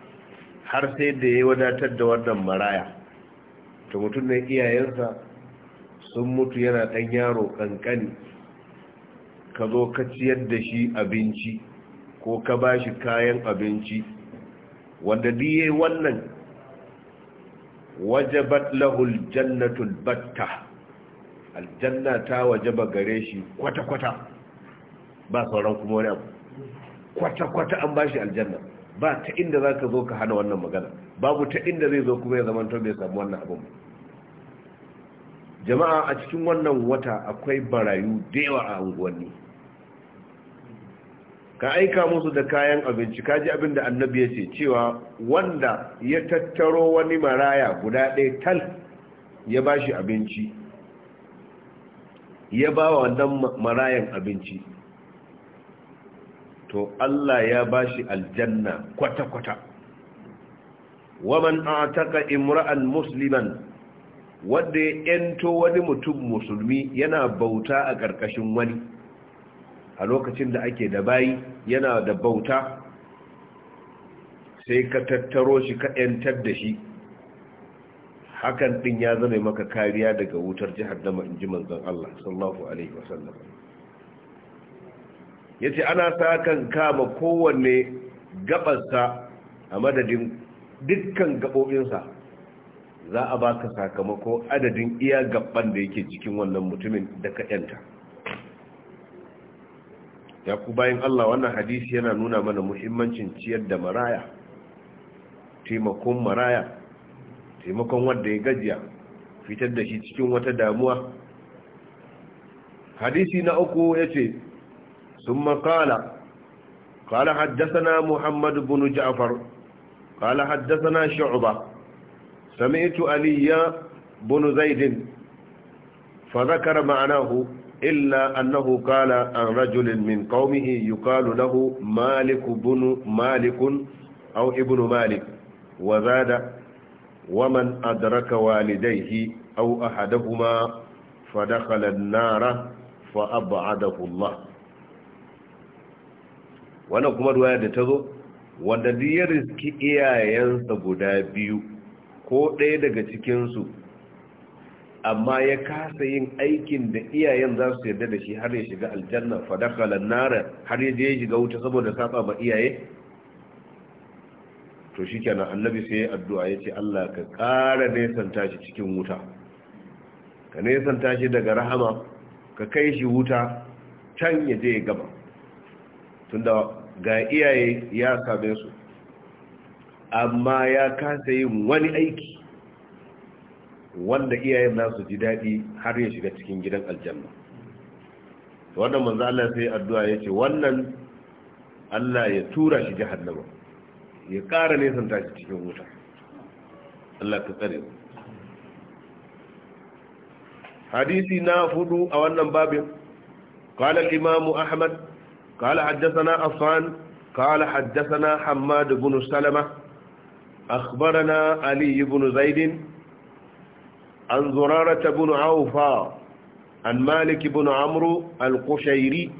har sai da ya wadatar da wannan maraya ta mutum ne iyayensa sun mutu yana ɗan yaro ƙanƙani ka zo ka ciyar da shi abinci ko ka ba shi kayan abinci wanda diye wannan wajabat lahul jannatul batta aljanna ta wajaba gare shi kwata-kwata ba sauran kuma wani abu kwata-kwata an ba shi aljanna ba ta inda za ka zo ka hana wannan magana babu ta inda zai zo kuma ya zamanta bai samu wannan abin ba jama'a a cikin wannan wata akwai barayu da yawa a unguwanni ka aika musu da kayan abinci ka ji abin da annabi ya ce cewa wanda ya tattaro wani maraya guda ɗaya tal ya ba shi abinci ya ba wa wannan marayan abinci to Allah ya ba shi aljanna kwata-kwata waman a taƙa imra'an musliman wanda ya yanto wani mutum musulmi yana bauta a ƙarƙashin wani a lokacin da ake da bayi yana da bauta sai ka tattaro shi ka yantar da shi hakan ɗin ya zama maka kariya daga wutar jihar dama in ji manzan Allah sallahu alaihi wasallam ce ana sa kan kama kowanne gabarsa a madadin dukkan gaɓoɓinsa. za a baka sakamako adadin iya gabban da yake jikin wannan mutumin da ka yanta ya ku bayan Allah wannan hadisi yana nuna mana muhimmancin ciyar da maraya taimakon maraya taimakon wanda ya gajiya fitar da shi cikin wata damuwa hadisi na uku ya ce sun makala قال حدثنا محمد بن جعفر قال حدثنا سمعت علي بن زيد فذكر معناه إلا أنه قال عن رجل من قومه يقال له مالك بن مالك أو ابن مالك وزاد ومن أدرك والديه أو أحدهما فدخل النار فأبعده الله wannan kuma ruwaya da ta zo wanda duk ya riski iyayensa guda biyu ko ɗaya daga cikinsu amma ya kasa yin aikin da iyayen za su yarda da shi har ya shiga aljanna fadakalan nara har ya je ya shiga wuta saboda saba ba iyaye to shi kenan annabi sai addu'a ya ce Allah ka ƙara nesanta shi cikin wuta ka nesanta shi daga rahama ka kai shi wuta can ya je gaba tunda ga iyaye ya same su amma ya kasa yin wani aiki wanda iyayen nasu ji daɗi har ya shiga cikin gidan aljanna wannan manzo Allah sai addu'a ya ce wannan Allah ya tura shi jahannama ya ƙara san tashi cikin wuta Allah ka tsare hadisi na hudu a wannan babin qala al-imam Ahmad qala haddathana Affan qala haddathana Hammad ibn Salama أخبرنا علي بن زيد عن زرارة بن عوفا عن مالك بن عمرو القشيري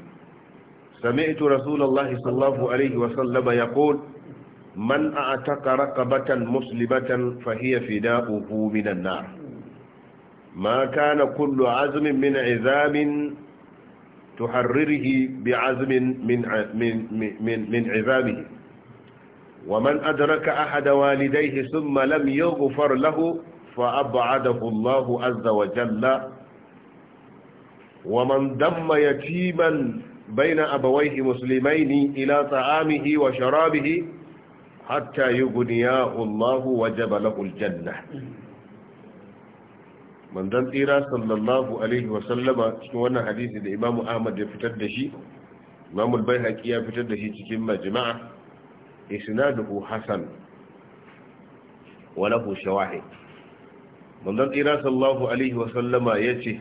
سمعت رسول الله صلى الله عليه وسلم يقول من أعتق رقبة مسلمة فهي فداؤه من النار ما كان كل عزم من عذاب تحرره بعزم من من من من, من عذابه ومن أدرك أحد والديه ثم لم يغفر له فأبعده الله عز وجل ومن دم يتيما بين أبويه مسلمين إلى طعامه وشرابه حتى يغنياه الله وجب له الجنة من دم إيرا صلى الله عليه وسلم شوانا حديث الإمام أحمد يفتد شيء إمام البيهكي يفتد شيء كما جماعة isnaduhu hasan wa lahu shawahid manzon tsira sallallahu alaihi wa sallama yace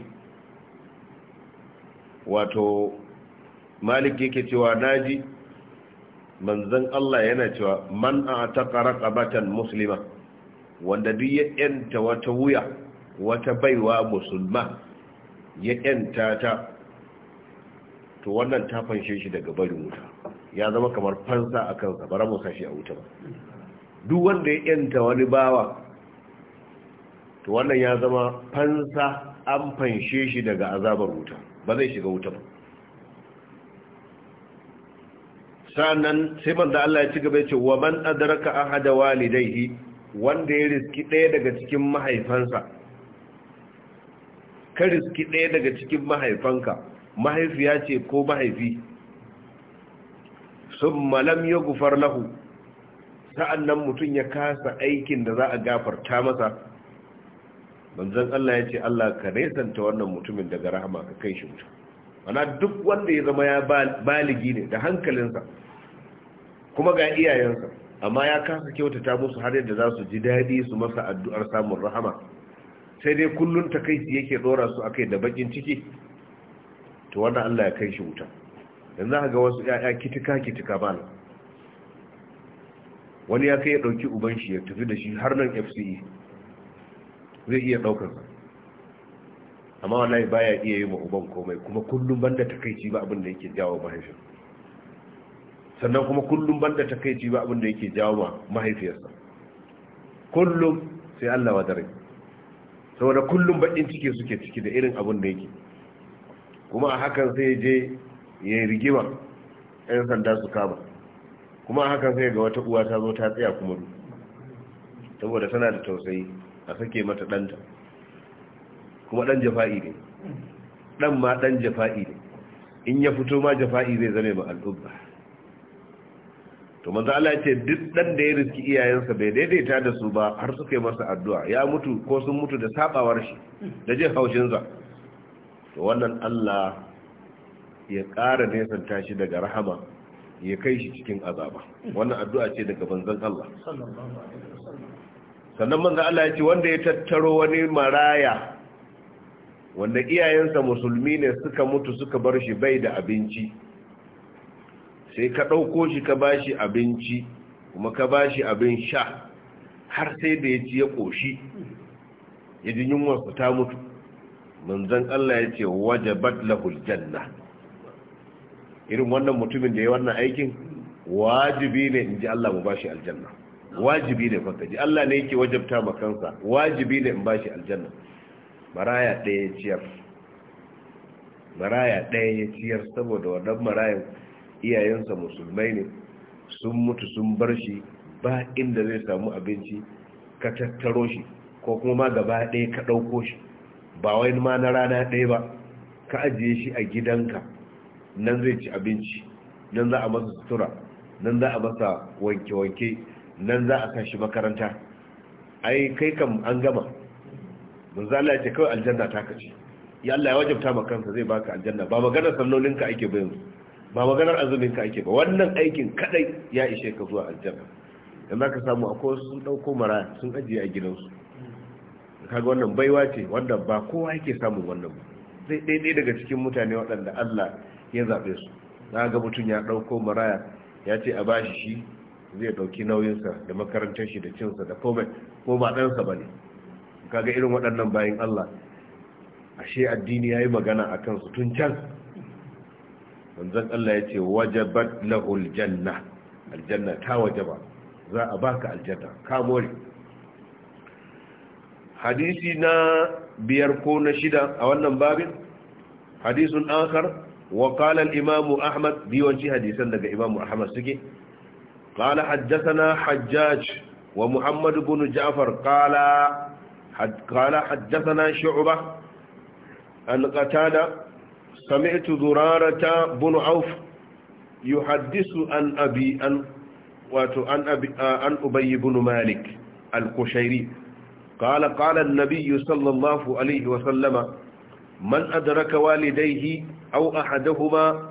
wato malik yake cewa naji manzon Allah yana cewa man ataqa raqabatan muslima wanda duk ya yanta wata wuya wata baiwa musulma ya yanta ta to wannan ta fanshe shi daga barin wuta ya zama kamar fansa a kansa bara mu sashi a wuta ba duk wanda ya yanta wani bawa to wannan ya zama fansa an fanshe shi daga azabar wuta ba zai shiga wuta ba sa'annan sai manzo Allah ya ci gaba ya ce wa man adraka ahada walidayhi wanda ya riski ɗaya daga cikin mahaifansa ka riski ɗaya daga cikin mahaifanka mahaifiya ce ko mahaifi summa lam yughfar lahu sa'annan mutun ya kasa aikin da za a gafarta masa manzon Allah ya ce Allah ka resanta wannan mutumin daga rahama ka kai shi mutu mana duk wanda ya zama ya baligi ne da hankalinsa kuma ga iyayensa amma ya kasa kyautata musu har yadda za su ji daɗi su masa addu'ar samun rahama sai dai kullun takaici yake dora su a kai da bakin ciki to wannan Allah ya kai shi wuta yanzu a ga wasu ya'ya kitika kitika ba na wani ya kai ya ɗauki uban shi ya tafi da shi har nan fce zai iya ɗaukar sa amma wallahi baya iya yi ma uban komai kuma kullum banda takaici ba abin da yake jawo mahaifin sannan kuma kullum banda takaici ba abin da yake jawo ma mahaifiyarsa kullum sai Allah wa dare saboda kullum bakin cike suke ciki da irin abin da yake kuma a hakan sai je ya yi rigima 'yan sanda su kama kuma hakan sai ga wata uwa ta zo ta tsaya kuma saboda tana da tausayi a sake mata ɗanta kuma ɗan jafa'i ne ɗan ma ɗan jafa'i ne in ya fito ma jafa'i zai zame ma al'ubba to manzo Allah ce duk ɗan da ya riski iyayensa bai daidaita da su ba har suka yi masa addu'a ya mutu ko sun mutu da sabawar shi da jin haushinsa to wannan Allah ya ƙara nesanta shi daga rahama ya kai shi cikin azaba wannan addu'a ce daga banzan Allah sannan manzan Allah ya ce wanda ya tattaro wani maraya wanda iyayensa musulmi ne suka mutu suka bar shi bai da abinci sai ka ɗauko shi ka ba shi abinci kuma ka ba shi abin sha har sai da ya ci ya ƙoshi ya ji yunwarsa ta mutu manzan Allah ya ce wajabat lahul janna irin wannan mutumin da ya wannan aikin wajibi ne in ji Allah mu bashi aljanna wajibi ne fa ji Allah ne yake wajabta ma kansa wajibi ne in bashi aljanna maraya ɗaya ciyar maraya ɗaya ya ciyar saboda wannan marayan iyayensa musulmai ne sun mutu sun bar shi ba inda zai samu abinci ka tattaro shi ko kuma ma gaba ɗaya ka ɗauko shi ba wai ma na rana ɗaya ba ka ajiye shi a gidanka nan zai ci abinci nan za a masa sutura nan za a masa wanke-wanke nan za a kashi makaranta ai kai kam an gama manzo Allah ya ce kawai aljanna ta kace ya Allah ya wajabta maka kansa zai baka aljanna ba maganar ka ake ba yanzu ba maganar ka ake ba wannan aikin kadai ya ishe ka zuwa aljanna za ka samu akwai sun dauko mara sun ajiye a gidansu kaga wannan baiwa ce wanda ba kowa yake samun wannan ba sai daidai daga cikin mutane waɗanda Allah ya zaɓe su na ga mutum ya ɗauko maraya ya ce a bashi shi zai ɗauki nauyinsa da makarantar shi da cinsa da komai ko ba ɗansa ba ne kaga irin waɗannan bayan allah ashe addini ya yi magana a kansu tun can manzan allah ya ce wajabat lahul janna aljanna ta wajaba za a baka aljanna ka more hadisi na biyar ko na shida a wannan babin hadisun an wa qala imam ahmad bi hadisan daga imam ahmad suke qala hadathana hajjaj wa muhammad ibn ja'far qala had qala hadathana shu'bah an qatada sami'tu durarata ibn auf yuhaddisu an abi an wa malik al qushairi qala qala an nabiy sallallahu alayhi wa sallama man adraka walidayhi أو أحدهما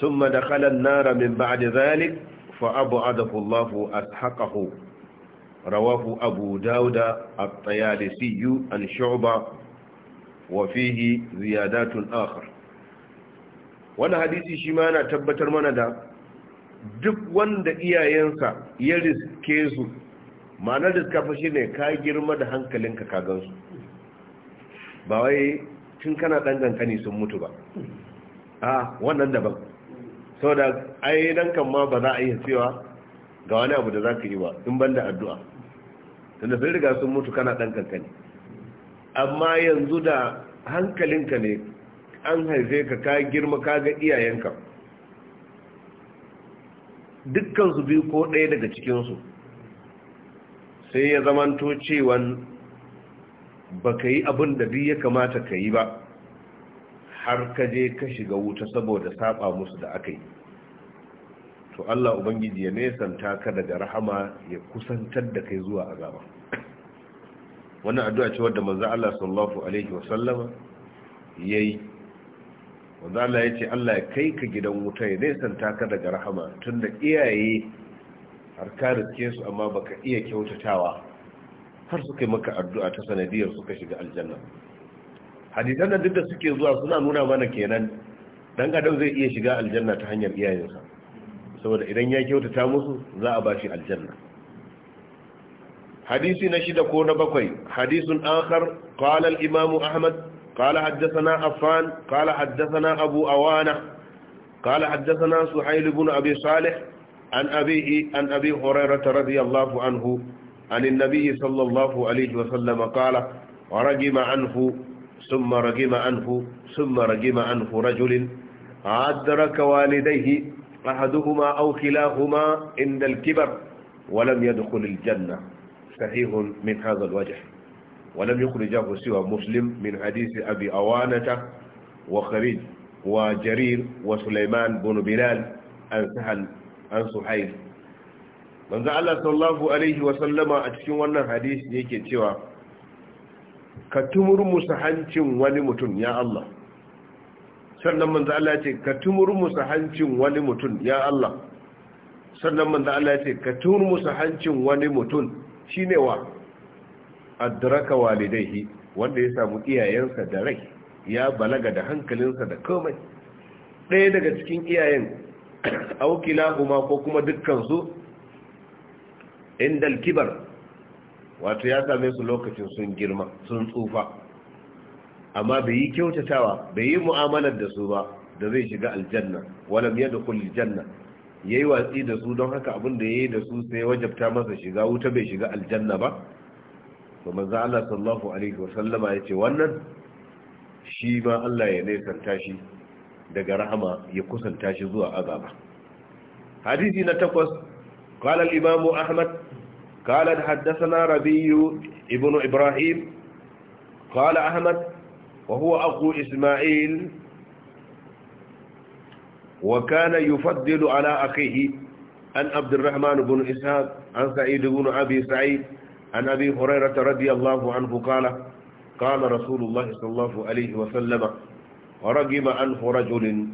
ثم دخل النار من بعد ذلك فأبعده الله أسحقه رواه أبو داود الطيالسي عن شعبة وفيه زيادات آخر وانا حديثي شمانا تبتر مندا duk wanda iyayensa ya riske su ma'anar riska fa shine ka girma da hankalinka ka gansu ba wai tun kana dan kankani sun mutu ba a wannan daban sau da ai dan kan ma ba za a yi cewa ga wani abu da za ka yi ba in ban addu'a tunda da riga sun mutu kana ɗan kankani amma yanzu da hankalinka ne an haife ka ka girma ka ga iyayenka dukkansu biyu ko ɗaya daga cikinsu sai ya zamanto cewan baka yi abin da biyu ya kamata ka yi ba har ka je ka shiga wuta saboda saba musu da aka yi to Allah ubangiji ya nesanta ka daga rahama ya kusantar da kai zuwa azaba wannan addu'a ce wadda manzo Allah sallallahu alaihi sallama yayi manzo Allah yace Allah ya kai ka gidan wuta ya nesanta ka daga rahama tunda iyaye har ka riske su amma baka iya kyautatawa har suka yi maka addu'a ta sanadiyar suka shiga aljanna hadisan da duk da suke zuwa suna nuna mana kenan dan adam zai iya shiga aljanna ta hanyar iyayensa saboda idan ya kyautata musu za a bashi aljanna hadisi na shida ko na bakwai hadisun akhar qala al-imam ahmad qala haddathana affan qala haddathana abu awana qala haddathana suhayl ibn abi salih an abihi an abi hurairah radiyallahu anhu an عن النبي صلى الله عليه وسلم قال ورجم عنه summa ragima anhu summa ragima anhu rajulin adraka walidayhi ahaduhuma aw khilahuma inda al-kibar wa lam yadkhul al-janna sahih min hadha al-wajh wa lam yukhrijahu siwa muslim min hadith abi awanata wa kharij wa jarir wa sulaiman ibn bilal al-sahl an suhayl manzo alayhi wa sallama a cikin wannan hadisi yake cewa ka musu hancin wani mutum ya Allah sannan manzo Allah ya ce ka musu hancin wani mutum ya Allah sannan manzo Allah ya ce ka musu hancin wani mutum shine wa adraka walidaihi wanda ya samu iyayensa da rai ya balaga da hankalinsa da komai ɗaya daga cikin iyayen aukila kuma ko kuma dukkan su indal kibar wato ya same su lokacin sun girma sun tsufa amma bai yi kyautatawa bai yi mu'amalar da su ba da zai shiga aljanna wala da kulli janna yayi watsi da su don haka abin da yayi da su sai wajabta masa shiga wuta bai shiga aljanna ba to manzo Allah sallallahu alaihi wasallama yace wannan shi ma Allah ya nesanta shi daga rahama ya kusanta shi zuwa azaba hadisi na takwas qala al-imamu ahmad قال حدثنا ربي ابن إبراهيم قال أحمد وهو أخو إسماعيل وكان يفضل على أخيه عن عبد الرحمن بن إسحاق عن سعيد بن أبي سعيد عن أبي هريرة رضي الله عنه قال قال رسول الله صلى الله عليه وسلم ورجم عنه رجل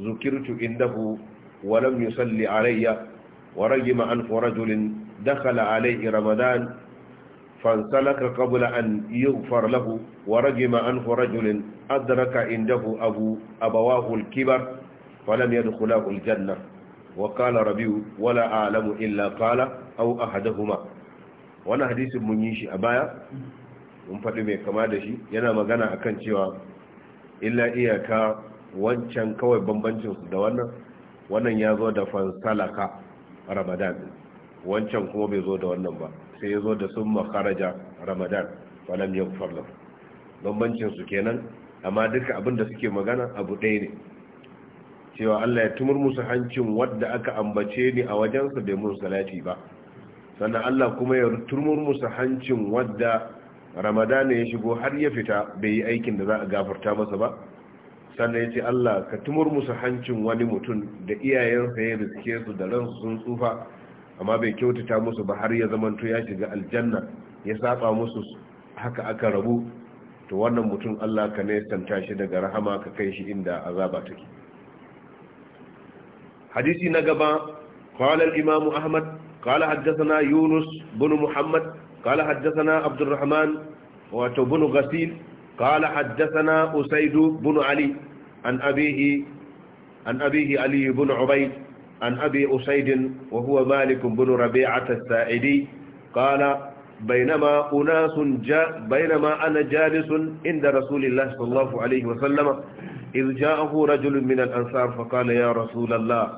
ذكرت عنده ولم يصلي علي ورجم عنه رجل دخل عليه رمضان فانسلك قبل أن يغفر له ورجم عنه رجل أدرك عنده أبو أبواه الكبر فلم يدخله الجنة وقال ربيع ولا أعلم إلا قال أو أحدهما وانا حديث من يشي أبايا mun faɗi mai kama da shi yana magana akan cewa illa iyaka wancan kawai bambancinsu da wannan wannan ya zo da fansalaka ramadan wancan kuma bai zo da wannan ba sai ya zo da sun makaraja ramadan falam ya farla bambancin su kenan amma duka abin da suke magana abu ɗaya ne cewa Allah ya tumur musu hancin wadda aka ambace ni a wajensa bai mun salati ba sannan Allah kuma ya tumur musu hancin wadda Ramadan ya shigo har ya fita bai yi aikin da za a gafarta masa ba sannan ya ce Allah ka tumur musu hancin wani mutum da iyayensa ya riske su da ransu sun tsufa amma bai kyautata musu ba har ya zamanto ya shiga aljanna ya saba musu haka aka rabu to wannan mutum Allah ka nesanta shi daga rahama ka kai shi inda azaba take hadisi na gaba qala al-imam ahmad qala yunus bin muhammad qala haddathana abdurrahman wa bin ghasil qala haddathana usayd bin ali an abihi an abihi ali ubayd عن أبي أسيد وهو مالك بن ربيعة السائدي قال بينما أناس جاء بينما أنا جالس عند رسول الله صلى الله عليه وسلم إذ جاءه رجل من الأنصار فقال يا رسول الله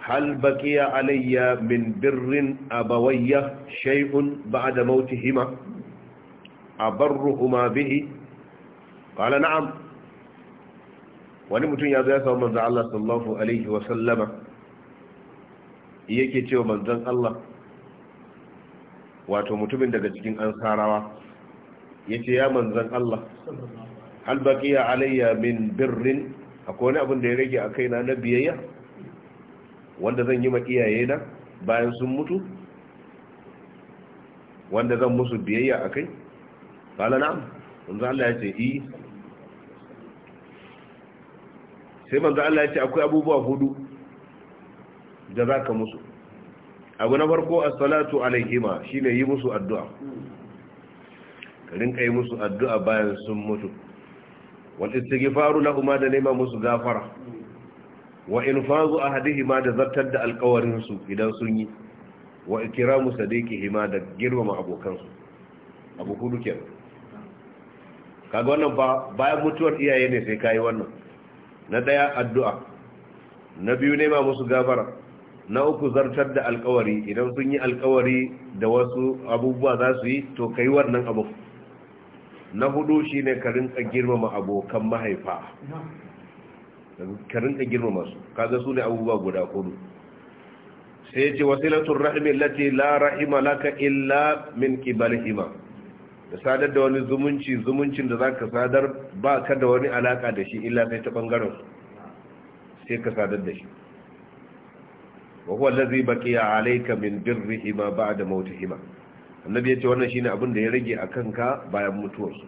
هل بقي علي من بر أبوي شيء بعد موتهما أبرهما به قال نعم wani mutum ya zo ya samu manzan Allah sallallahu alaihi wa sallama yake cewa manzan Allah wato mutumin daga cikin ansarawa yace ya manzan Allah hal baqiya alayya min birrin akwai abin da ya rage a kaina na biyayya wanda zan yi ma iyayena bayan sun mutu wanda zan musu biyayya a kai? kala na'am manzan Allah ya ce yi eh. sai manzo Allah ya ce akwai abubuwa hudu da za ka musu abu na farko as-salatu alaihima shine yi musu addu'a ka rinka yi musu addu'a bayan sun mutu wal istighfaru lahum da nema musu gafara wa infazu ahadihima da zartar da alƙawarin su idan sun yi wa ikramu sadiqihima da girmama abokansu abu hudu kenan kaga wannan ba bayan mutuwar iyaye ne sai kai wannan na daya addu'a na biyu nema musu gabara na uku zartar da alkawari idan sun yi alkawari da wasu abubuwa za su yi to kai wannan abu na hudu shine ka rinka girmama abokan mahaifa ka rinka girmama su kaga su ne abubuwa guda hudu sai ce wasilatul rahmi lati la rahima laka illa min qibalihima da sadar da wani zumunci zumuncin da za ka sadar ba ka da wani alaka da shi illa sai ta ɓangaren sai ka sadar da shi wa huwa baki ya alaika min ba da mawuta mautihima annabi ce wannan shi abin da ya rage a kanka bayan mutuwar su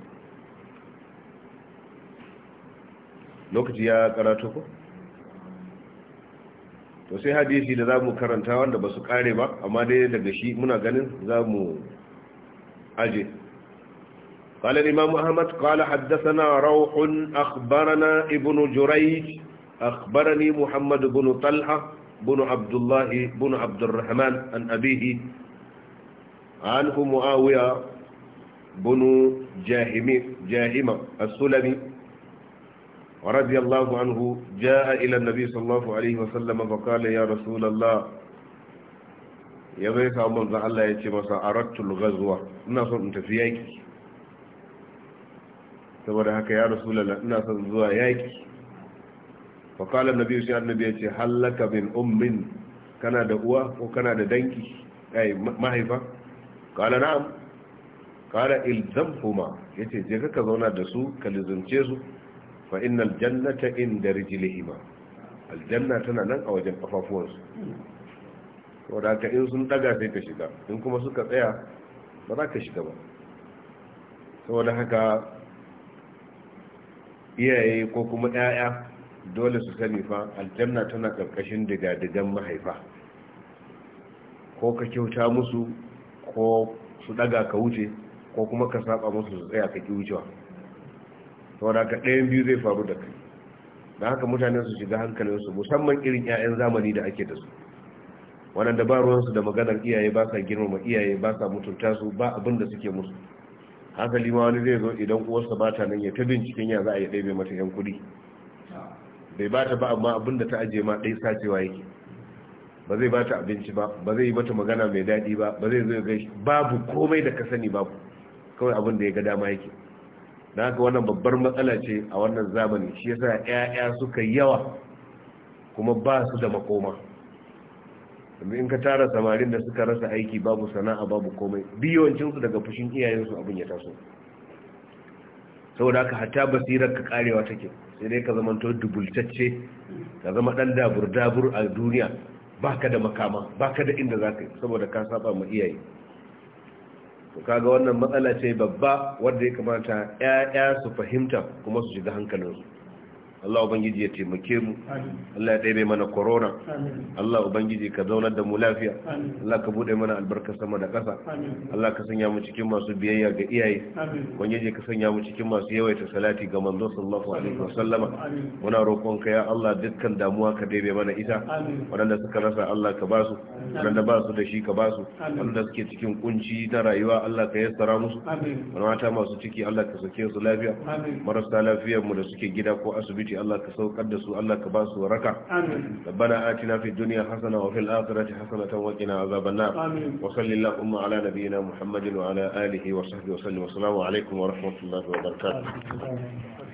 lokaci ya karato ko to sai hadisi da za mu karanta wanda ba su kare ba amma dai daga shi muna ganin za mu aje قال الإمام أحمد قال حدثنا روح أخبرنا ابن جريج أخبرني محمد بن طلحة بن عبد الله بن عبد الرحمن عن أبيه عنه معاوية بن جاهمة السلمي رضي الله عنه جاء إلى النبي صلى الله عليه وسلم فقال يا رسول الله يا غيث أمم الله يتمسى أردت الغزوة نصر انت في أيكي saboda haka ya rasu ina son zuwa yaki faƙalar na biyu shi annabi yace hallaka bin ummin kana da uwa ko kana da danki ai mahaifa na qala ilzam qala ya ce je ka zauna da su ka lizunce su fa innal jannata inda ima aljanna tana nan a wajen kafafuwansu saboda ka in sun daga sai ka shiga in kuma suka tsaya ba za ka shiga ba saboda haka iyaye ko kuma 'ya'ya dole su sani fa aljanna tana karkashin digadigan mahaifa ko ka kyauta musu ko su ɗaga ka wuce ko kuma ka saba musu su tsaya ka ƙi wucewa da ka ɗayan biyu zai faru da kai da haka mutane su shiga su musamman irin 'ya'yan zamani da ake da su Wannan ba ruwansu da maganar iyaye ba sa girmama iyaye ba sa mutunta su ba abinda suke musu hankali ma wani zai zo idan uwarsa ba ta nan ya ta binciken ya za a yi ɗaibe mata yan kuɗi bai ba ta ba amma abin da ta aje ma ɗai sacewa yake ba zai ba ta abinci ba ba zai yi mata magana mai daɗi ba ba zai zo gaishe, babu komai da ka sani babu kawai abin da ya ga dama yake na haka wannan babbar matsala ce a wannan zamani shi yasa 'ya'ya suka yawa kuma ba su da makoma in ka tara samarin da suka rasa aiki babu sana'a babu komai biyawancin su daga fushin iyayensu abin ya taso saboda haka hatta basirar ka karewa take sai dai ka zamanto dubultacce ka zama dan dabur dabur a duniya baka da makama baka da inda zaka yi saboda ka saba ma iyaye to kaga wannan matsala ce babba wanda ya kamata ƴaƴa su fahimta kuma su shiga hankalinsu Allah ubangiji ya taimake mu Allah ya ɗaibe mana corona Allah ubangiji ka zaunar da mu lafiya Allah ka bude mana albarka sama da ƙasa Allah ka sanya mu cikin masu biyayya ga iyaye ubangiji ka sanya mu cikin masu yawaita salati ga manzo sallallahu alaihi wasallama muna roƙon ka ya Allah dukkan damuwa ka ɗaibe mana ita waɗanda suka rasa Allah ka basu waɗanda ba su da shi ka basu waɗanda suke cikin kunci na rayuwa Allah ka yassara musu mata masu ciki Allah ka sake su lafiya marasa lafiyar mu da suke gida ko asibiti musulunci Allah ka saukar da su Allah ka ba su waraka rabbana atina fid dunya hasana wa fil akhirati hasana wa qina azaban nar wa sallallahu umma ala nabiyyina muhammadin wa ala alihi wa sahbihi wa sallam wa assalamu alaikum wa rahmatullahi wa barakatuh